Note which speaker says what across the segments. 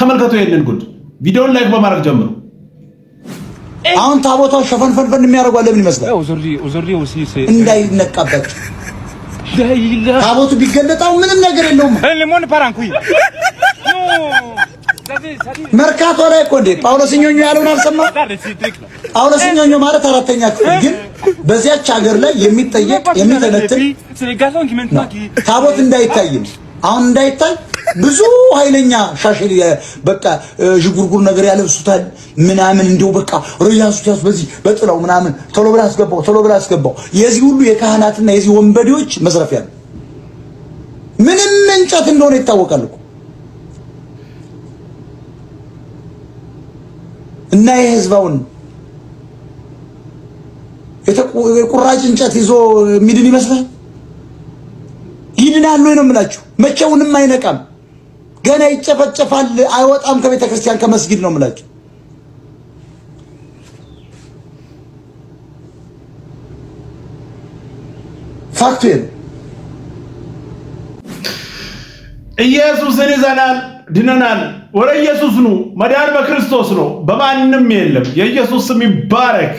Speaker 1: ተመልከቱ ይሄንን ጉድ ቪዲዮን ላይክ በማድረግ ጀምሩ። አሁን ታቦቷ ሸፈን ፈንፈን የሚያደርጓለ ምን ይመስላል? እንዳይነቃበት ታቦቱ ቢገለጣው ምንም ነገር የለውም። መርካቶ ላይ እኮ እንዴ ጳውሎስ ኞኞ ያለውን አልሰማ። ጳውሎስ ኞኞ ማለት አራተኛ ክፍል ግን በዚያች ሀገር ላይ የሚጠየቅ የሚተነትን ታቦት እንዳይታይም አሁን እንዳይታይ ብዙ ኃይለኛ ሻሽ በቃ ዥጉርጉር ነገር ያለብሱታል ምናምን እንዲሁ በቃ ርያሱ ያሱ በዚህ በጥላው ምናምን ቶሎ ብላ አስገባው ቶሎ ብላ አስገባው። የዚህ ሁሉ የካህናትና የዚህ ወንበዴዎች መዝረፊያ ነው። ምንም እንጨት እንደሆነ ይታወቃል እኮ እና የህዝባውን የቁራጭ እንጨት ይዞ ሚድን ይመስላል ይድናሉ ነው የምላችሁ። መቼውንም አይነቃም። ገና ይጨፈጨፋል፣ አይወጣም ከቤተ ክርስቲያን ከመስጊድ ነው ምላጭ። ፋክቱ
Speaker 2: ኢየሱስን ይዘናል፣ ድነናል። ወደ ኢየሱስ ኑ። መዳን በክርስቶስ ነው፣ በማንም የለም። የኢየሱስ ስም ይባረክ።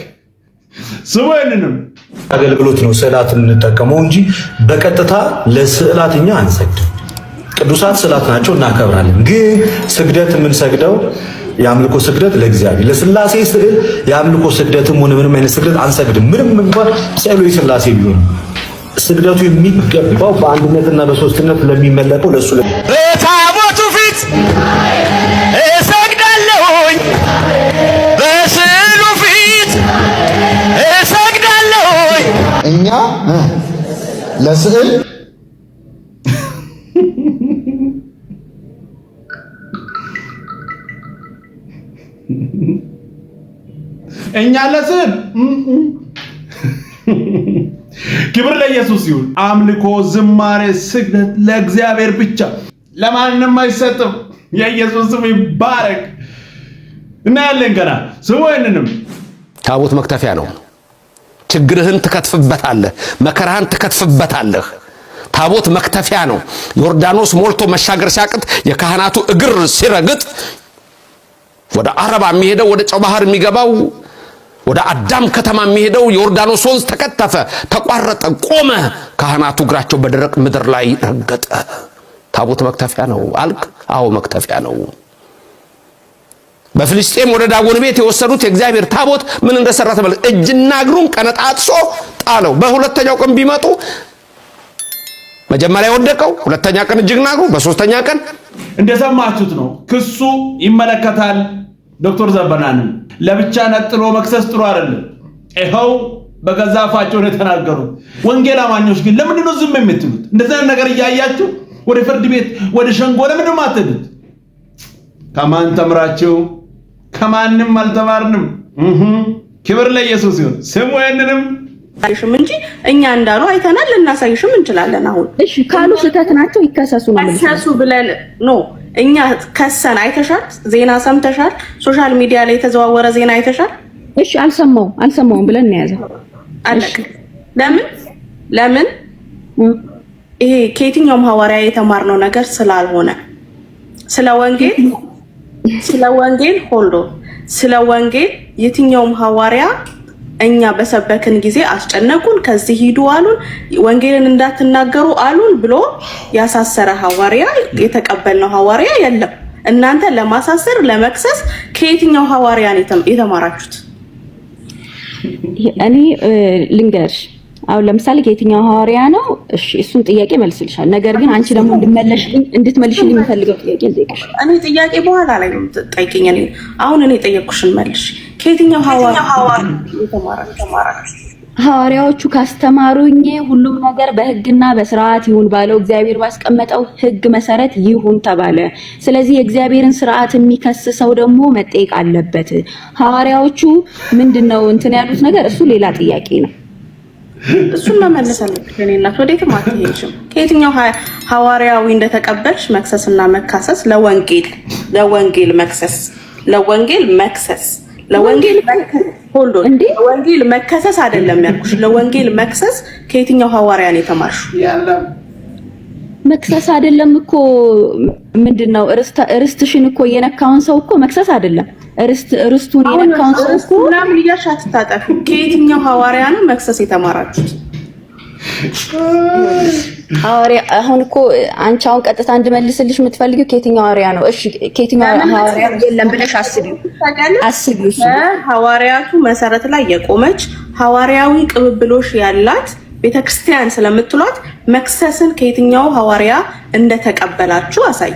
Speaker 2: ስሙ ይንንም
Speaker 1: አገልግሎት ነው ስዕላትን የምንጠቀመው እንጂ በቀጥታ ለስዕላት እኛ አንሰግድም። ቅዱሳት ስዕላት ናቸው እናከብራለን። ግን ስግደት የምንሰግደው የአምልኮ ስግደት ለእግዚአብሔር ለስላሴ ስዕል የአምልኮ ስግደትም ሆነ ምንም አይነት ስግደት አንሰግድም። ምንም እንኳን ስዕሉ የስላሴ ቢሆን ስግደቱ የሚገባው በአንድነትና በሶስትነት ለሚመለከው ለእሱ
Speaker 2: ለታቦቱ ፊት
Speaker 1: ለእኛ ለስዕል
Speaker 2: እኛ ለስዕል ክብር ለኢየሱስ ይሁን። አምልኮ፣ ዝማሬ፣ ስግደት ለእግዚአብሔር ብቻ ለማንም አይሰጥም። የኢየሱስ ስም ይባረክ። እናያለን ገና ስሙ። ይህንንም
Speaker 1: ታቦት መክተፊያ ነው። ችግርህን ትከትፍበታለህ፣ መከራህን ትከትፍበታለህ። ታቦት መክተፊያ ነው። ዮርዳኖስ ሞልቶ መሻገር ሲያቅት የካህናቱ እግር ሲረግጥ ወደ አረባ የሚሄደው ወደ ጨው ባህር የሚገባው ወደ አዳም ከተማ የሚሄደው ዮርዳኖስ ወንዝ ተከተፈ፣ ተቋረጠ፣ ቆመ። ካህናቱ እግራቸው በደረቅ ምድር ላይ ረገጠ። ታቦት መክተፊያ ነው አልክ? አዎ መክተፊያ ነው። በፍልስጤም ወደ ዳጎን ቤት የወሰዱት የእግዚአብሔር ታቦት ምን እንደሰራ ተበለ እጅና እግሩን ቀነጣጥሶ ጣለው። በሁለተኛው ቀን ቢመጡ መጀመሪያ ወደቀው፣ ሁለተኛ ቀን እጅና እግሩ፣ በሶስተኛ ቀን
Speaker 2: እንደሰማችሁት ነው። ክሱ ይመለከታል ዶክተር ዘበናንም ለብቻ ነጥሎ መክሰስ ጥሩ አይደለም። ይኸው በገዛ አፋቸው ነው የተናገሩት። ወንጌል አማኞች ግን ለምንድን ነው ዝም የምትሉት? እንደዚህ ነገር እያያችሁ ወደ ፍርድ ቤት ወደ ሸንጎ ለምንድን ነው የማትሄዱት? ከማን ተምራችሁ ከማንም አልተማርንም። ክብር ለኢየሱስ ይሁን። ስሙ ያንንም
Speaker 3: አይሽም እንጂ እኛ እንዳሉ አይተናል፣ ልናሳይሽም እንችላለን። አሁን እሺ ካሉ ስህተት ናቸው ይከሰሱ
Speaker 4: ነው ከሰሱ ብለን ኖ እኛ ከሰን አይተሻል፣ ዜና ሰምተሻል፣ ሶሻል ሚዲያ ላይ የተዘዋወረ ዜና አይተሻል።
Speaker 3: እሺ አልሰማው አልሰማውም ብለን እንያዘው
Speaker 4: አለቅ። ለምን ለምን ይሄ ከየትኛውም ሐዋርያ የተማርነው ነገር ስላልሆነ ስለ ወንጌል ስለ ወንጌል ሆሎ ስለ ወንጌል የትኛውም ሐዋርያ እኛ በሰበክን ጊዜ አስጨነቁን፣ ከዚህ ሂዱ አሉን፣ ወንጌልን እንዳትናገሩ አሉን ብሎ ያሳሰረ ሐዋርያ የተቀበልነው ሐዋርያ የለም። እናንተ ለማሳሰር ለመክሰስ ከየትኛው ሐዋርያ ነው የተማራችሁት?
Speaker 3: እኔ ልንገርሽ አሁን ለምሳሌ ከየትኛው ሐዋርያ ነው? እሺ እሱን ጥያቄ መልስልሻል። ነገር ግን አንቺ ደግሞ እንድትመለሽልኝ እንድትመልሽልኝ የምፈልገው ጥያቄ ልጠይቅሽ።
Speaker 4: እኔ ጥያቄ በኋላ ላይ ነው እኔ አሁን እኔ ጠየቅኩሽን መልሽ። ከየትኛው ሐዋርያ
Speaker 3: ሐዋርያዎቹ ካስተማሩኝ ሁሉም ነገር በህግና በስርዓት ይሁን ባለው እግዚአብሔር ባስቀመጠው ህግ መሰረት ይሁን ተባለ። ስለዚህ የእግዚአብሔርን ስርዓት የሚከስ ሰው ደግሞ መጠየቅ አለበት። ሐዋርያዎቹ ምንድነው እንትን ያሉት ነገር እሱ ሌላ ጥያቄ ነው።
Speaker 4: እሱን መመለስ አለብሽ። እኔ እናት ወዴትም አትሄጂም። ከየትኛው ሐዋርያዊ እንደተቀበልሽ መክሰስና መካሰስ ለወንጌል ለወንጌል መክሰስ ለወንጌል መክሰስ ለወንጌል እንዴ ወንጌል መከሰስ አይደለም ያልኩሽ። ለወንጌል መክሰስ ከየትኛው ሐዋርያ ነው የተማርሽው?
Speaker 3: መክሰስ አይደለም እኮ ምንድን ነው ርስትሽን እኮ የነካውን ሰው እኮ መክሰስ አይደለም። እርስቱን የነካውን ሰው እኮ
Speaker 4: ምናምን እያልሽ አትታጠፊ። ከየትኛው ሐዋርያ ነው መክሰስ የተማራችሁት?
Speaker 3: ሐዋርያ አሁን እኮ አንቺ አሁን ቀጥታ እንድመልስልሽ የምትፈልጊው ከየትኛው ሐዋርያ ነው? እሺ ከየትኛው
Speaker 4: ሐዋርያ የለም ብለሽ አስቢው አስቢው። ሐዋርያቱ መሰረት ላይ የቆመች ሐዋርያዊ ቅብብሎሽ ያላት ቤተክርስቲያን ስለምትሏት መክሰስን ከየትኛው ሐዋርያ እንደተቀበላችሁ አሳይ።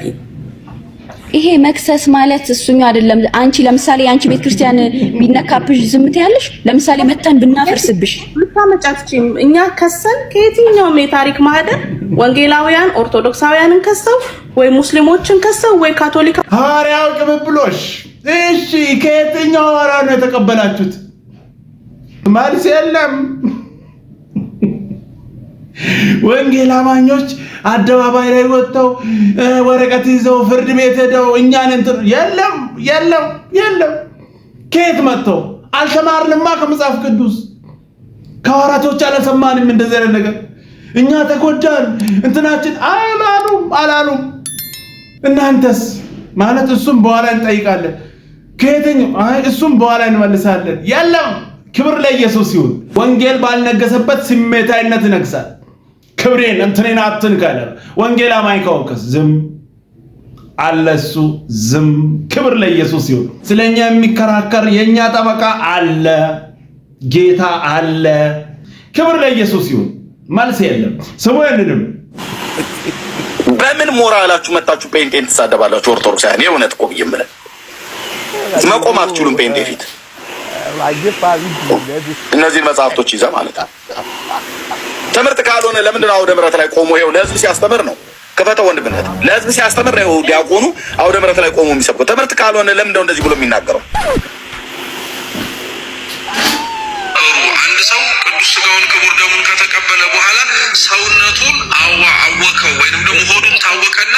Speaker 3: ይሄ መክሰስ ማለት እሱኛ አይደለም። አንቺ ለምሳሌ አንቺ ቤተክርስቲያን ቢነካብሽ ዝምት ያለሽ፣ ለምሳሌ መጠን ብናፈርስብሽ
Speaker 4: ልታመጫትችም። እኛ ከሰን ከየትኛውም የታሪክ ማህደር ወንጌላውያን ኦርቶዶክሳውያንን ከሰው ወይ ሙስሊሞችን ከሰው ወይ ካቶሊካ
Speaker 2: ሐዋርያው ቅብብሎሽ። እሺ ከየትኛው ሐዋርያ ነው የተቀበላችሁት? መልስ የለም። ወንጌል አማኞች አደባባይ ላይ ወጥተው ወረቀት ይዘው ፍርድ ቤት ሄደው እኛን እንትን የለም የለም የለም። ከየት መጥተው አልተማርንማ ከመጽሐፍ ቅዱስ ከሐዋርያቶች አልሰማንም እንደዚህ አይነት ነገር። እኛ ተጎዳን እንትናችን አላሉም አላሉም። እናንተስ ማለት እሱም በኋላ እንጠይቃለን። ከየትኛው እሱም በኋላ እንመልሳለን። የለም ክብር ለኢየሱስ ይሁን። ወንጌል ባልነገሰበት ስሜታዊነት ይነግሳል። ክብሬን እንትኔን አትንካለ። ወንጌላ ማይካወቅስ ዝም አለሱ ዝም። ክብር ለኢየሱስ ይሁን። ስለኛ የሚከራከር የኛ ጠበቃ አለ፣ ጌታ አለ። ክብር ለኢየሱስ ይሁን። መልስ የለም። ስሙ ያንንም
Speaker 1: በምን ሞራላችሁ መጣችሁ ጴንጤን ትሳደባላችሁ? ኦርቶዶክሳውያን የእውነት እኮ ብዬ የምልህ መቆም አትችሉም ጴንጤ ፊት እነዚህን መጽሐፍቶች ይዘህ ማለት ነው። ትምህርት ካልሆነ ለምንድን ነው አውደ ምሕረት ላይ ቆሞ ይኸው ለህዝብ ሲያስተምር ነው ክፈተ ወንድምነት ለህዝብ ሲያስተምር ነው ዲያቆኑ አውደ ምሕረት ላይ ቆሞ የሚሰብከው። ትምህርት ካልሆነ ለምንድን ነው እንደዚህ ብሎ የሚናገረው?
Speaker 5: አንድ ሰው ስጋውን ክቡር ደሙን ከተቀበለ በኋላ ሰውነቱን አዋ አወከው ወይንም ደግሞ ሆዱን ታወከና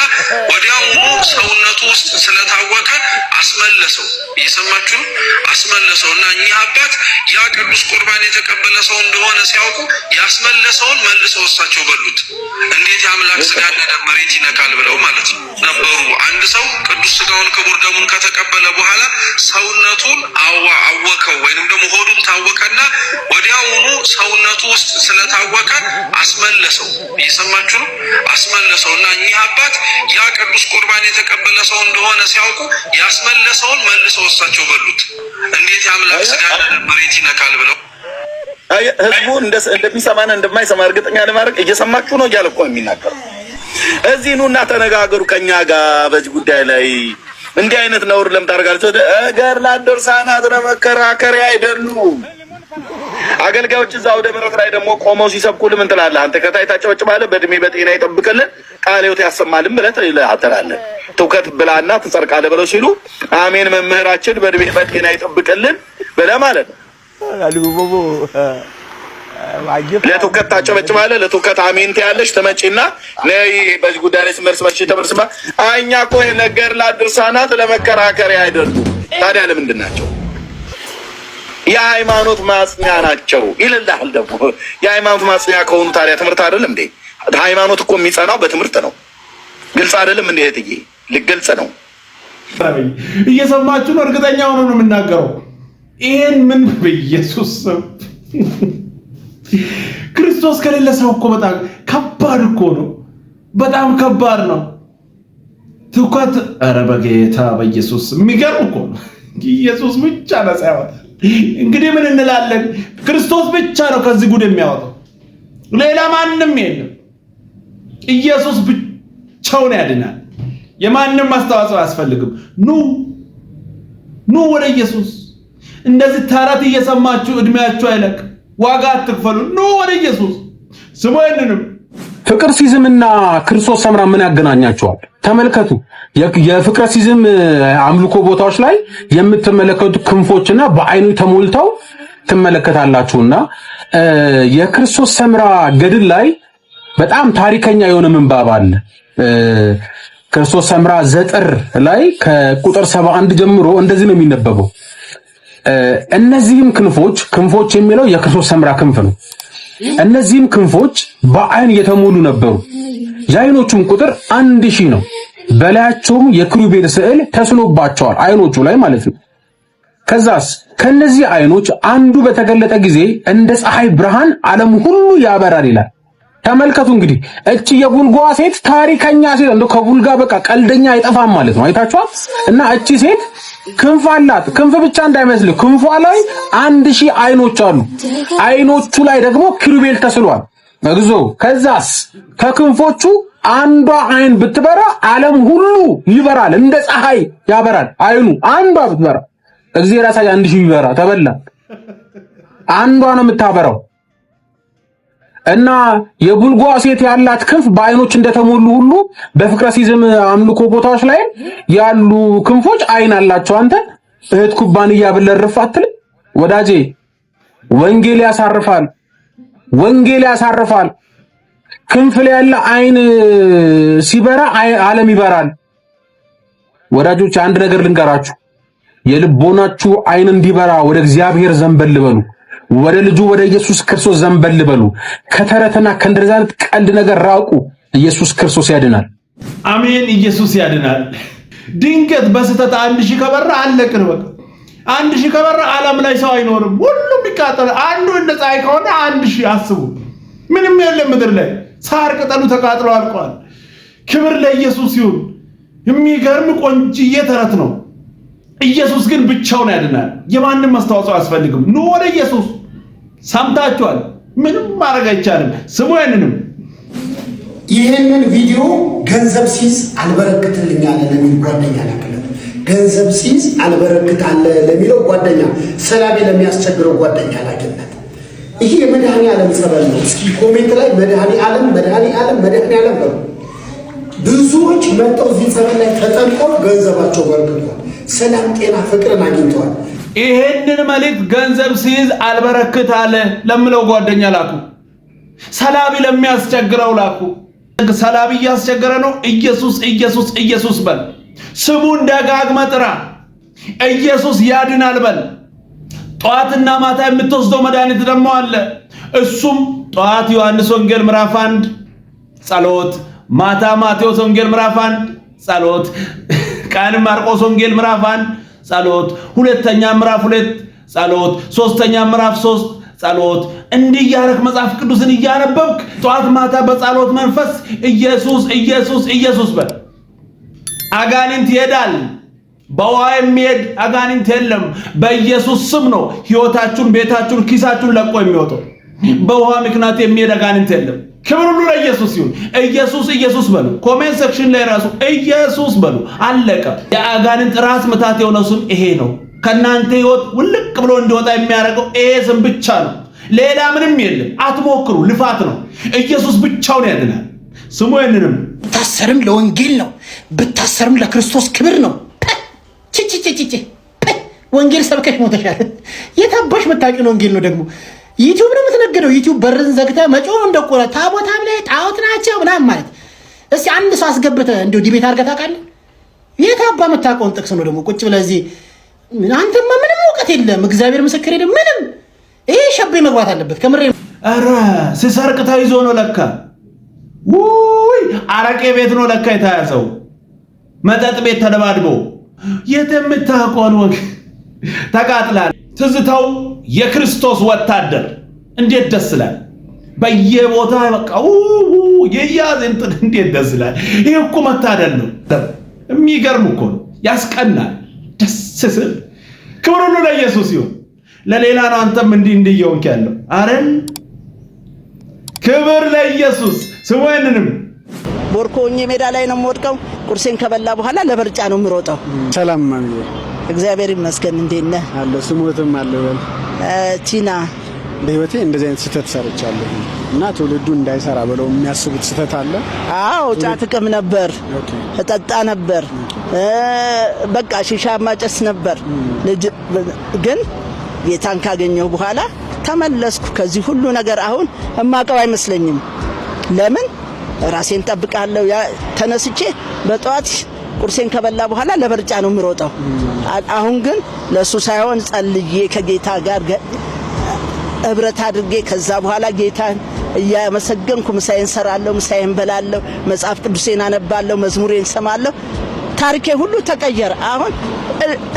Speaker 5: ወዲያውኑ ሰውነቱ ውስጥ ስለታወከ አስመለሰው። እየሰማችሁ አስመለሰው እና እኚህ አባት ያ ቅዱስ ቁርባን የተቀበለ ሰው እንደሆነ ሲያውቁ ያስመለሰውን መልሰው እሳቸው በሉት። እንዴት የአምላክ ስጋና ደም መሬት ይነካል ብለው ማለት ነው ነበሩ። አንድ ሰው ቅዱስ ስጋውን ክቡር ደሙን ከተቀበለ በኋላ ሰውነቱን አዋ አወከው ወይንም ደግሞ ሆዱን ታወከና አስመለሰው። እየሰማችሁ ነው። አስመለሰው እና እኚህ አባት ያ ቅዱስ ቁርባን የተቀበለ ሰው እንደሆነ ሲያውቁ ያስመለሰውን መልሰው እሳቸው በሉት። እንዴት ያምላክ ስጋ መሬት ይነካል ብለው
Speaker 1: ህዝቡ እንደሚሰማና እንደማይሰማ እርግጠኛ ለማድረግ እየሰማችሁ ነው እያለ እኮ የሚናገረው እዚህ እና ተነጋገሩ ከኛ ጋር በዚህ ጉዳይ ላይ እንዲህ አይነት ነውር ለምታደርጋለች ገር ላደርሳናት ለመከራከሪያ አይደሉም። አገልጋዮች እዛ አውደ ምረት ላይ ደግሞ ቆመው ሲሰብኩልም እንትላለህ አንተ ከታይ ታጨበጭ ባለ በእድሜ በጤና ይጠብቅልን ቃለ ሕይወት ያሰማልን ብለህ ትላለህ። ትውከት ብላና ትጸድቃለህ ብለው ሲሉ አሜን መምህራችን በእድሜ በጤና ይጠብቅልን ብለህ ማለት ነው። ለትውከት ታጨበጭ ባለ ለትውከት አሜን ትያለሽ። ትመጪና ነይ በዚህ ጉዳይ ላይ ስመርስ መርሽ ተመርስማ እኛ እኮ ነገር ላድርሳናት ለመከራከሪያ አይደሉም። ታዲያ ለምንድን ናቸው? የሃይማኖት ማጽኛ ናቸው ይልልሃል። ደግሞ የሃይማኖት ማጽኛ ከሆኑ ታዲያ ትምህርት አይደለም እንዴ? ሃይማኖት እኮ የሚጸናው በትምህርት ነው። ግልጽ አይደለም እንዴ? እህትዬ ልገልጽ ነው።
Speaker 2: እየሰማችሁ ነው። እርግጠኛ ሆኖ ነው የምናገረው። ይሄን ምን በኢየሱስ ስም ክርስቶስ ከሌለ ሰው እኮ በጣም ከባድ እኮ ነው። በጣም ከባድ ነው። ትኳት ኧረ በጌታ በኢየሱስ የሚገርም እኮ ነው። ኢየሱስ ብቻ ነጻ ያወጣል። እንግዲህ ምን እንላለን? ክርስቶስ ብቻ ነው ከዚህ ጉድ የሚያወጣው፣ ሌላ ማንም የለም። ኢየሱስ ብቻውን ያድናል። የማንም አስተዋጽኦ አያስፈልግም። ኑ ኑ ወደ ኢየሱስ። እንደዚህ ተረት እየሰማችሁ እድሜያችሁ አይለቅ፣ ዋጋ አትክፈሉ። ኑ ወደ ኢየሱስ ስሙ ይንንም
Speaker 1: ፍቅር ሲዝምና ክርስቶስ ሰምራ ምን ያገናኛቸዋል? ተመልከቱ። የፍቅረ ሲዝም አምልኮ ቦታዎች ላይ የምትመለከቱ ክንፎችና በአይኑ ተሞልተው ትመለከታላችሁና የክርስቶስ ሰምራ ገድል ላይ በጣም ታሪከኛ የሆነ ምንባብ አለ። ክርስቶስ ሰምራ ዘጥር ላይ ከቁጥር 71 ጀምሮ እንደዚህ ነው የሚነበበው። እነዚህም ክንፎች ክንፎች የሚለው የክርስቶስ ሰምራ ክንፍ ነው። እነዚህም ክንፎች በአይን የተሞሉ ነበሩ። የአይኖቹም ቁጥር አንድ ሺህ ነው። በላያቸውም የክሩቤል ስዕል ተስሎባቸዋል፣ አይኖቹ ላይ ማለት ነው። ከዛስ ከነዚህ አይኖች አንዱ በተገለጠ ጊዜ እንደ ፀሐይ ብርሃን ዓለም ሁሉ ያበራል ይላል። ተመልከቱ እንግዲህ እቺ የጉልጓ ሴት ታሪከኛ ሴት እንደ ከቡልጋ በቃ ቀልደኛ አይጠፋም ማለት ነው። አይታችኋል እና እቺ ሴት ክንፍ አላት። ክንፍ ብቻ እንዳይመስል ክንፏ ላይ አንድ ሺህ አይኖች አሉ። አይኖቹ ላይ ደግሞ ኪሩቤል ተስሏል። እግዚኦ! ከዛስ ከክንፎቹ አንዷ አይን ብትበራ ዓለም ሁሉ ይበራል። እንደ ፀሐይ ያበራል። አይኑ አንዷ ብትበራ እግዚአብሔር ያሳይ አንድ ሺህ ይበራ ተበላ። አንዷ ነው የምታበራው። እና የቡልጓ ሴት ያላት ክንፍ በአይኖች እንደተሞሉ ሁሉ በፍቅረ ሲዝም አምልኮ ቦታዎች ላይ ያሉ ክንፎች አይን አላቸው። አንተ እህት ኩባንያ ብለህ አትል ወዳጄ። ወንጌል ያሳርፋል፣ ወንጌል ያሳርፋል። ክንፍ ላይ ያለ አይን ሲበራ ዓለም ይበራል። ወዳጆች አንድ ነገር ልንገራችሁ፣ የልቦናችሁ አይን እንዲበራ ወደ እግዚአብሔር ዘንበል በሉ። ወደ ልጁ ወደ ኢየሱስ ክርስቶስ ዘንበል በሉ። ከተረትና ከእንደዛ አይነት ቀልድ ነገር ራቁ። ኢየሱስ ክርስቶስ ያድናል።
Speaker 2: አሜን። ኢየሱስ ያድናል። ድንገት በስህተት አንድ ሺህ ከበራ አለቅን። በቃ አንድ ሺህ ከበራ ዓለም ላይ ሰው አይኖርም፣ ሁሉም ይቃጠል። አንዱ እንደ ፀሐይ ከሆነ አንድ ሺህ አስቡ። ምንም የለም ምድር ላይ ሳር ቅጠሉ ተቃጥሎ አልቋል። ክብር ለኢየሱስ ይሁን። የሚገርም ቆንጅዬ ተረት ነው። ኢየሱስ ግን ብቻውን ያድናል። የማንም አስተዋጽኦ አያስፈልግም። ኑ ወደ ኢየሱስ ሰምታችኋል። ምንም ማድረግ አይቻልም። ስሙ ያንንም
Speaker 1: ይህንን ቪዲዮ ገንዘብ ሲይዝ አልበረክትልኛለ ለሚል ጓደኛ ላክለ ገንዘብ ሲይዝ አልበረክት ለሚለው ጓደኛ ሰላቢ ለሚያስቸግረው ጓደኛ ላክለት። ይሄ የመድኃኔ ዓለም ጸበል ነው። እስኪ ኮሜንት ላይ መድኃኔ ዓለም መድኃኔ ዓለም መድኃኔ ዓለም ነው። ብዙዎች መጠው እዚህ ጸበል ላይ ተጠምቀው ገንዘባቸው በርክቷል። ሰላም፣ ጤና፣ ፍቅርን አግኝተዋል።
Speaker 2: ይሄንን መልእክት ገንዘብ ሲይዝ አልበረክት አለ ለምለው ጓደኛ ላኩ። ሰላቢ ለሚያስቸግረው ላኩ። ሰላቢ እያስቸገረ ነው። ኢየሱስ ኢየሱስ ኢየሱስ በል። ስሙን ደጋግመ ጥራ። ኢየሱስ ያድናል በል። ጠዋትና ማታ የምትወስደው መድኃኒት ደግሞ አለ። እሱም ጠዋት ዮሐንስ ወንጌል ምዕራፍ አንድ ጸሎት፣ ማታ ማቴዎስ ወንጌል ምዕራፍ አንድ ጸሎት፣ ቀንም ማርቆስ ወንጌል ምዕራፍ አንድ ጸሎት፣ ሁለተኛ ምዕራፍ ሁለት ጸሎት፣ ሶስተኛ ምዕራፍ ሶስት ጸሎት እንዲህ እያረክ መጽሐፍ ቅዱስን እያነበብክ ጠዋት ማታ በጸሎት መንፈስ ኢየሱስ ኢየሱስ ኢየሱስ በል። አጋንንት ይሄዳል። በውሃ የሚሄድ አጋንንት የለም። በኢየሱስ ስም ነው ህይወታችሁን፣ ቤታችሁን፣ ኪሳችሁን ለቆ የሚወጣው። በውሃ ምክንያት የሚሄድ አጋንንት የለም። ክብር ሁሉ ለኢየሱስ ይሁን። ኢየሱስ ኢየሱስ በሉ። ኮሜንት ሴክሽን ላይ ራሱ ኢየሱስ በሉ። አለቀ። የአጋንንት ራስ ምታት የሆነው ስም ይሄ ነው። ከእናንተ ህይወት ውልቅ ብሎ እንዲወጣ የሚያደርገው ይሄ ስም ብቻ ነው። ሌላ ምንም የለም። አትሞክሩ። ልፋት ነው። ኢየሱስ ብቻውን ያድናል። ስሙ ይንንም
Speaker 1: ብታሰርም ለወንጌል ነው። ብታሰርም ለክርስቶስ ክብር ነው። ቺቺቺቺ ወንጌል ሰብከሽ ሞተሻል። የታባሽ ነው። ወንጌል ነው ደግሞ ዩቲዩብ ነው የምትነግደው። ዩቲዩብ በርን ዘግተ መጮ እንደቆረ ታቦታም ላይ ጣዖት ናቸው ምናምን ማለት እስኪ አንድ ሰው አስገብተ እንዲሁ ዲቤት አድርገህ ታውቃለህ? የት አባ የምታውቀውን ጥቅስ ነው ደግሞ ቁጭ ብለህ እዚህ። አንተማ ምንም እውቀት የለም። እግዚአብሔር ምስክር ሄደ ምንም። ይሄ ሸቤ መግባት አለበት ከምሬ።
Speaker 2: ኧረ ሲሰርቅ ተይዞ ነው ለካ። ውይ አረቄ ቤት ነው ለካ የተያዘው። መጠጥ ቤት ተደባድቦ የት የምታውቀውን ወግ ተቃጥላል ትዝታው የክርስቶስ ወታደር እንዴት ደስ ይላል! በየቦታ በቃ የያዝ እንትን እንዴት ደስ ይላል! ይህ እኮ መታደል ነው። የሚገርም እኮ ነው። ያስቀናል። ደስ ስል ክብር ሁሉ ለኢየሱስ ይሁን። ለሌላ ነው። አንተም እንዲህ እንዲህ እየሆንክ ያለው አረን። ክብር ለኢየሱስ ስወንንም
Speaker 3: ቦርኮኜ ሜዳ ላይ ነው የምወድቀው። ቁርሴን ከበላ በኋላ ለበርጫ ነው የምሮጠው። ሰላም እግዚአብሔር ይመስገን። እንዴት ነህ?
Speaker 1: አለሁ ስሞትም በል ቲና በህይወቴ እንደዚህ አይነት ስህተት ሰርቻለሁ እና ትውልዱ እንዳይሰራ ብለው የሚያስቡት ስህተት አለ።
Speaker 3: አዎ ጫት እቅም ነበር፣ እጠጣ ነበር፣ በቃ ሺሻ ማጨስ ነበር። ልጅ ግን ጌታን ካገኘሁ በኋላ ተመለስኩ ከዚህ ሁሉ ነገር። አሁን እማቀው አይመስለኝም። ለምን ራሴን ጠብቃለሁ። ተነስቼ በጠዋት ቁርሴን ከበላ በኋላ ለበርጫ ነው የምሮጠው። አሁን ግን ለሱ ሳይሆን ጸልዬ ከጌታ ጋር እብረት አድርጌ ከዛ በኋላ ጌታን እያመሰገንኩ ምሳዬን ሰራለሁ፣ ምሳዬን በላለሁ፣ መጽሐፍ ቅዱሴን አነባለሁ፣ መዝሙሬን ሰማለሁ። ታሪኬ ሁሉ ተቀየረ። አሁን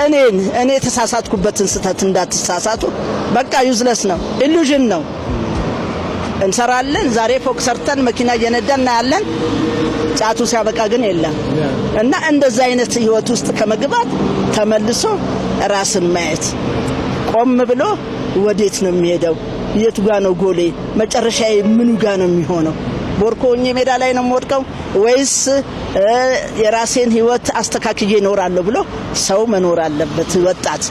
Speaker 3: እኔን እኔ የተሳሳትኩበትን ስህተት እንዳትሳሳቱ። በቃ ዩዝለስ ነው፣ ኢሉዥን ነው። እንሰራለን። ዛሬ ፎቅ ሰርተን መኪና እየነዳን እናያለን። ጫቱ ሲያበቃ ግን የለም እና እንደዛ አይነት ህይወት ውስጥ ከመግባት ተመልሶ ራስን ማየት ቆም ብሎ ወዴት ነው የሚሄደው? የቱ ጋ ነው ጎሌ? መጨረሻ ምኑ ጋ ነው የሚሆነው? ቦርኮ ሆኜ ሜዳ ላይ ነው የምወድቀው ወይስ የራሴን ህይወት አስተካክዬ እኖራለሁ ብሎ ሰው መኖር አለበት ወጣት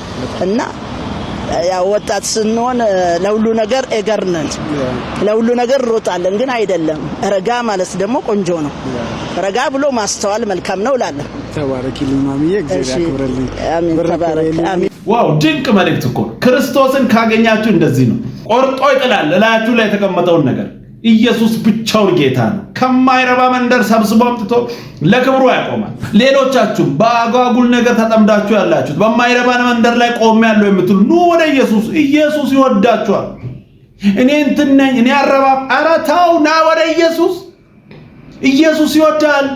Speaker 3: እና ያው ወጣት ስንሆን ለሁሉ ነገር እገር ለሁሉ ነገር ሮጣለን። ግን አይደለም ረጋ ማለት ደግሞ ቆንጆ ነው። ረጋ ብሎ ማስተዋል መልካም ነው እላለሁ።
Speaker 1: ተባረኪልኝ ማሚዬ፣ እግዚአብሔር ያክብርልኝ።
Speaker 2: አሜን። ዋው ድንቅ መልእክት እኮ ክርስቶስን ካገኛችሁ እንደዚህ ነው፣ ቆርጦ ይጥላል እላያችሁ ላይ የተቀመጠውን ነገር ኢየሱስ ብቻውን ጌታ ነው። ከማይረባ መንደር ሰብስቦ አምጥቶ ለክብሩ ያቆማል። ሌሎቻችሁም በአጓጉል ነገር ተጠምዳችሁ ያላችሁት በማይረባ መንደር ላይ ቆሜ ያለው የምትሉ ኑ ወደ ኢየሱስ። ኢየሱስ ይወዳችኋል። እኔ እንትን ነኝ፣ እኔ አረባም ኧረ ተው፣ ና ወደ ኢየሱስ። ኢየሱስ ይወዳል።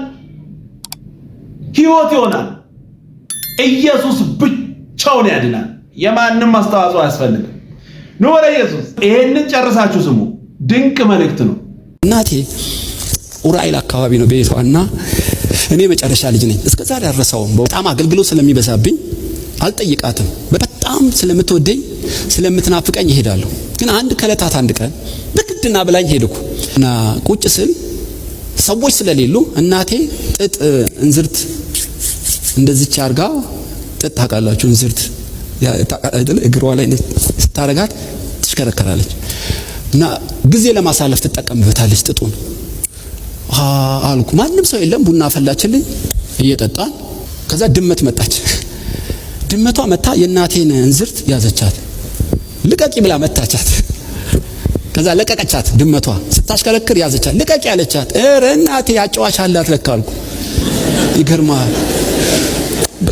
Speaker 2: ህይወት ይሆናል። ኢየሱስ ብቻውን ያድናል። የማንም አስተዋጽኦ አያስፈልግም። ኑ ወደ ኢየሱስ። ይሄንን ጨርሳችሁ ስሙ። ድንቅ መልእክት ነው።
Speaker 1: እናቴ ኡራኤል አካባቢ ነው ቤቷ እና እኔ መጨረሻ ልጅ ነኝ። እስከ ዛሬ አልረሳውም። በጣም አገልግሎት ስለሚበዛብኝ አልጠይቃትም። በጣም ስለምትወደኝ ስለምትናፍቀኝ ይሄዳለሁ። ግን አንድ ከእለታት አንድ ቀን በግድና ብላኝ ሄድኩ እና ቁጭ ስል ሰዎች ስለሌሉ እናቴ ጥጥ እንዝርት እንደዚች አርጋ ጥጥ ታውቃላችሁ፣ እንዝርት እግሯ ላይ ስታረጋት ትሽከረከራለች እና ጊዜ ለማሳለፍ ትጠቀምበታለች ጥጡን አልኩ። ማንም ሰው የለም። ቡና ፈላችልኝ እየጠጣን። ከዛ ድመት መጣች። ድመቷ መታ የእናቴን እንዝርት ያዘቻት። ልቀቂ ብላ መታቻት። ከዛ ለቀቀቻት። ድመቷ ስታሽከረክር ያዘቻት። ልቀቂ ያለቻት። ኧረ እናቴ ያጫዋች አላት ለካ አልኩ። ይገርማል።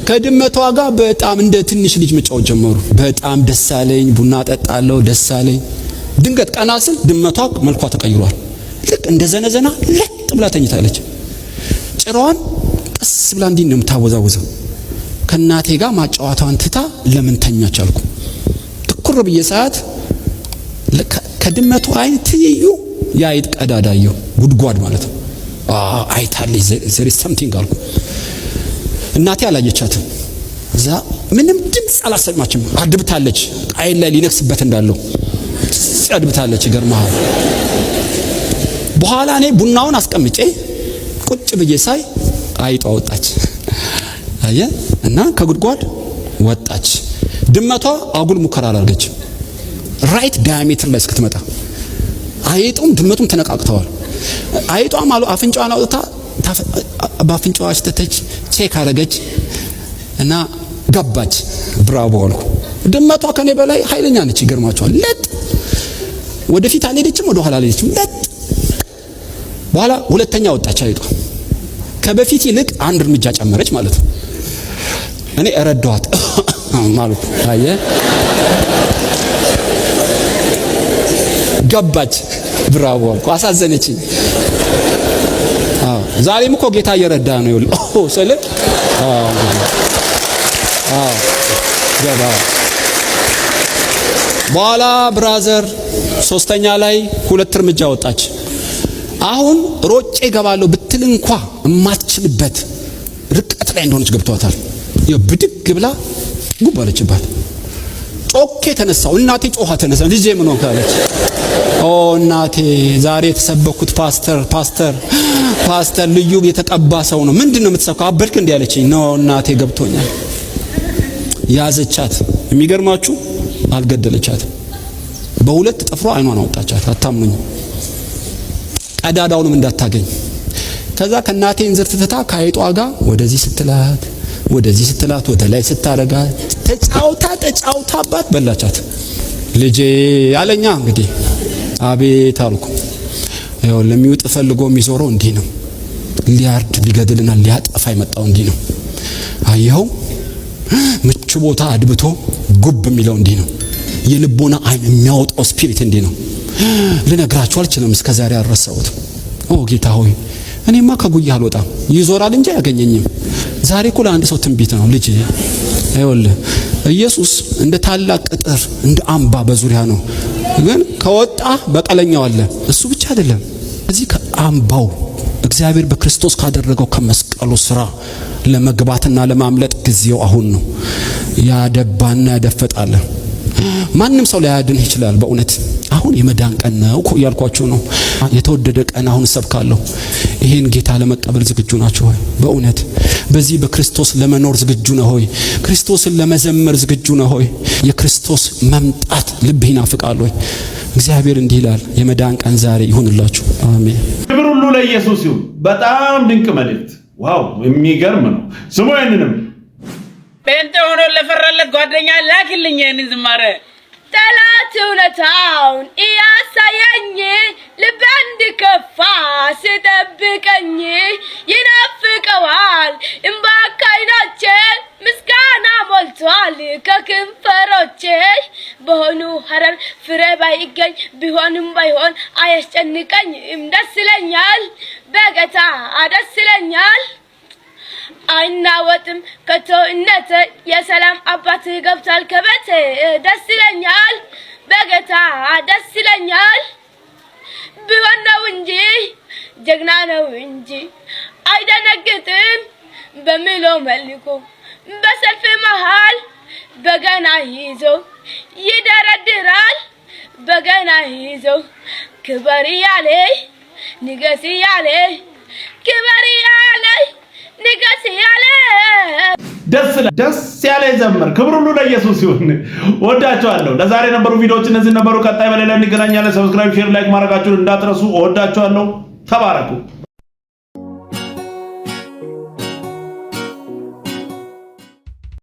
Speaker 1: ከድመቷ ጋር በጣም እንደ ትንሽ ልጅ መጫወት ጀመሩ። በጣም ደስ አለኝ። ቡና ጠጣለሁ። ደስ አለኝ። ድንገት ቀና ስል ድመቷ መልኳ ተቀይሯል። ልክ እንደ ዘነዘና ለጥ ብላ ተኝታለች። ጭራዋን ቀስ ብላ እንዲህ ነው ከእናቴ ጋር ማጫዋቷን ትታ ለምን ተኛች አልኩ። ትኩር ብዬ ሰዓት ከድመቷ አይን ትይዩ የአይጥ ቀዳዳ አየሁ፣ ጉድጓድ ማለት ነው። አይታለች ዘሪ ሰምቲንግ አልኩ። እናቴ አላየቻትም። እዛ ምንም ድምፅ አላሰማችም። አድብታለች አይን ላይ ሊነክስበት እንዳለው አድብታለች። መሃል። በኋላ እኔ ቡናውን አስቀምጬ ቁጭ ብዬ ሳይ አይጧ ወጣች። አየ እና ከጉድጓድ ወጣች። ድመቷ አጉል ሙከራ አላርገችም። ራይት ዳያሜትር ላይ እስክትመጣ አይጡም ድመቱም ተነቃቅተዋል። አይጧም ማሉ አፍንጫዋን አውጥታ በአፍንጫዋ አሽተተች፣ ቼክ አረገች እና ገባች። ብራቦ አልኩ። ድመቷ ከኔ በላይ ኃይለኛ ነች። ይገርማቸዋል ለጥ ወደፊት አልሄደችም፣ ወደ ኋላ አልሄደችም። ለጥ በኋላ ሁለተኛ ወጣች አይዷ ከበፊት ይልቅ አንድ እርምጃ ጨመረች ማለት ነው። እኔ እረዳዋት ማለት አየ ገባች። ብራቦ አልኩ። አሳዘነችኝ። ዛሬም እኮ ጌታ እየረዳ ነው ይል ኦ ስለ አዎ ገባ በኋላ ብራዘር ሶስተኛ ላይ ሁለት እርምጃ ወጣች። አሁን ሮጬ ገባለሁ ብትል እንኳ የማትችልበት ርቀት ላይ እንደሆነች ገብቷታል። ብድግ ብላ ጉባለችባት። ጮኬ ተነሳው። እናቴ ጮኻ ተነሳ። ልጄ ምን ሆንክ ኦ እናቴ ዛሬ የተሰበኩት ፓስተር ፓስተር ፓስተር ልዩ የተቀባ ሰው ነው። ምንድን ነው የምትሰብከው? አበድክ እንዲህ አለችኝ። ኖ እናቴ ገብቶኛል። ያዘቻት። የሚገርማችሁ አልገደለቻትም። በሁለት ጠፍሮ አይኗን አወጣቻት። አታምኑኝ፣ ቀዳዳውንም እንዳታገኝ። ከዛ ከእናቴ እንዝርት ፍታ ከአይጧ ጋር ወደዚህ ስትላት ወደዚህ ስትላት ወደ ላይ ስታረጋ ተጫውታ ተጫውታ አባት በላቻት። ልጄ አለኛ እንግዲህ አቤት አልኩ። ያው ለሚውጥ ፈልጎ የሚዞረው እንዲህ ነው። ሊያርድ ሊገድልና ሊያጠፋ የመጣው እንዲህ ነው። አየኸው ምቹ ቦታ አድብቶ ጉብ የሚለው እንዲህ ነው። የልቦና አይን የሚያወጣው ስፒሪት እንዲህ ነው። ልነግራችሁ አልችልም። እስከ ዛሬ አልረሳሁት። ኦ ጌታ ሆይ እኔማ ከጉያ አልወጣም፣ ይዞራል እንጂ አያገኘኝም። ዛሬ እኮ ለአንድ ሰው ትንቢት ነው። ልጅ ይኸውልህ ኢየሱስ እንደ ታላቅ ቅጥር እንደ አምባ በዙሪያ ነው። ግን ከወጣ በቀለኛው አለ። እሱ ብቻ አይደለም። እዚህ ከአምባው እግዚአብሔር በክርስቶስ ካደረገው ከመስቀሉ ስራ ለመግባትና ለማምለጥ ጊዜው አሁን ነው። ያደባና ያደፈጣለ ማንም ሰው ላያድንህ ይችላል። በእውነት አሁን የመዳን ቀን ነው እያልኳችሁ ነው። የተወደደ ቀን አሁን እሰብካለሁ። ይህን ጌታ ለመቀበል ዝግጁ ናችሁ ሆይ? በእውነት በዚህ በክርስቶስ ለመኖር ዝግጁ ነህ ሆይ? ክርስቶስን ለመዘመር ዝግጁ ነህ ሆይ? የክርስቶስ መምጣት ልብህ ይናፍቃል ሆይ? እግዚአብሔር እንዲህ ይላል፣ የመዳን ቀን ዛሬ ይሁንላችሁ። አሜን።
Speaker 2: ክብር ሁሉ ለኢየሱስ ይሁን። በጣም ድንቅ መልእክት። ዋው! የሚገርም ነው። ስሙ ይህንንም
Speaker 6: ጴንጤ ሆኖ ለፈራለት ጓደኛ ላክልኝ ይህንን ዝማሬ ጠላት እውነታውን እያሳየኝ ልቤ እንዲከፋ ስጠብቀኝ ይናፍቀዋል እምባ ምስጋና ሞልቷል ከክንፈሮቼ በሆኑ ሀረር ፍሬ ባይገኝ ቢሆንም ባይሆን አያስጨንቀኝ እም ደስ ይለኛል አይናወጥም ከቶእነት የሰላም አባት ገብታል ከቤት ደስ ይለኛል በጌታ ደስ ይለኛል ቢሆን ነው እንጂ ጀግና ነው እንጂ አይደነግጥም በሚሎ መልኮ በሰልፍ መሃል በገና ይዞ ይደረድራል በገና ይዞ ክበር ያለ ንገስ ያለ ክበር ንገስ ያለ ደስ ደስ ያለ ይዘምር። ክብር ሁሉ ለኢየሱስ ይሁን። ወዳቸዋለሁ። ለዛሬ የነበሩ ቪዲዮዎች እነዚህ ነበሩ። ቀጣይ በሌላ እንገናኛለን። ሰብስክራይብ፣ ሼር፣ ላይክ ማድረጋችሁን እንዳትረሱ። ወዳቸዋለሁ። ተባረኩ።